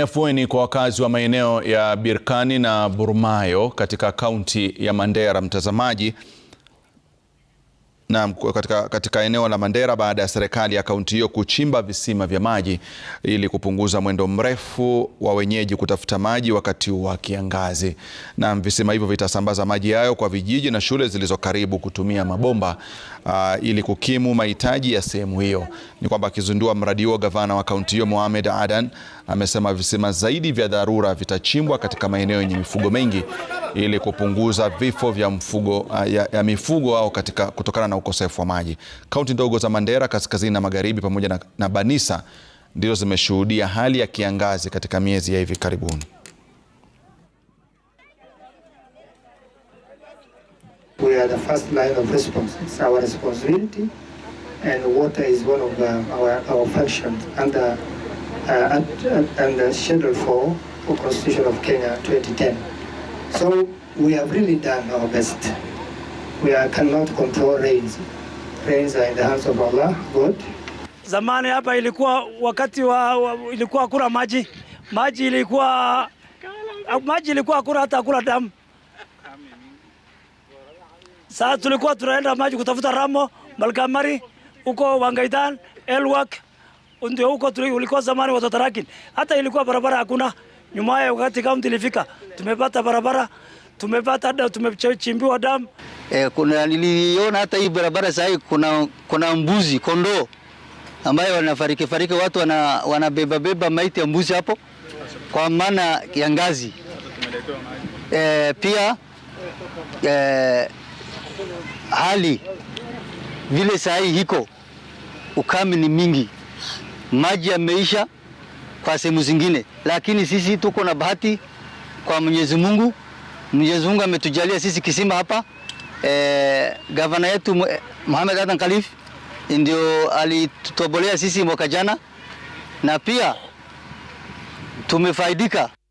Afueni kwa wakazi wa maeneo ya Birkani na Burmayo katika kaunti ya Mandera. Mtazamaji na katika, katika eneo la Mandera baada ya serikali ya kaunti hiyo kuchimba visima vya maji ili kupunguza mwendo mrefu wa wenyeji kutafuta maji wakati wa kiangazi. Na visima hivyo vitasambaza maji hayo kwa vijiji na shule zilizo karibu kutumia mabomba aa, ah, ili kukimu mahitaji ya sehemu hiyo. Ni kwamba akizindua mradi huo, gavana wa kaunti hiyo Mohamed Adan amesema visima zaidi vya dharura vitachimbwa katika maeneo yenye mifugo mengi ili kupunguza vifo vya mfugo, ah, ya, ya mifugo au katika kutokana na ukosefu wa maji. Kaunti ndogo za Mandera kaskazini na magharibi pamoja na, na Banisa ndizo zimeshuhudia hali ya kiangazi katika miezi ya hivi karibuni. We are the first line of response. It's our responsibility and water is one of the, uh, our, our functions under, uh, under schedule 4 of Constitution of Kenya 2010. So we have really done our best. We are cannot control rains. Rains are in the hands of Allah, God. Zamani hapa ilikuwa wakati wa, wa ilikuwa kura maji. Maji ilikuwa maji ilikuwa kura hata kura damu. Sasa tulikuwa tunaenda maji kutafuta Ramo, Malkamari, huko Wangaitan, Elwak, ndio huko tulikuwa zamani watoto lakini hata ilikuwa barabara hakuna nyuma ya wakati kaunti ilifika, tumepata barabara, tumepata damu, tumechimbiwa damu. E, eh, kuna niliona hata hii barabara sasa kuna, kuna mbuzi kondoo ambayo wanafariki fariki, watu wanabeba beba maiti ya mbuzi hapo kwa maana ya ngazi. E, pia e, hali vile sahii hiko ukame ni mingi, maji yameisha kwa sehemu zingine, lakini sisi tuko na bahati kwa Mwenyezi Mungu. Mwenyezi Mungu ametujalia sisi kisima hapa e, gavana yetu Mohamed Adan Khalif ndio alitutobolea sisi mwaka jana na pia tumefaidika.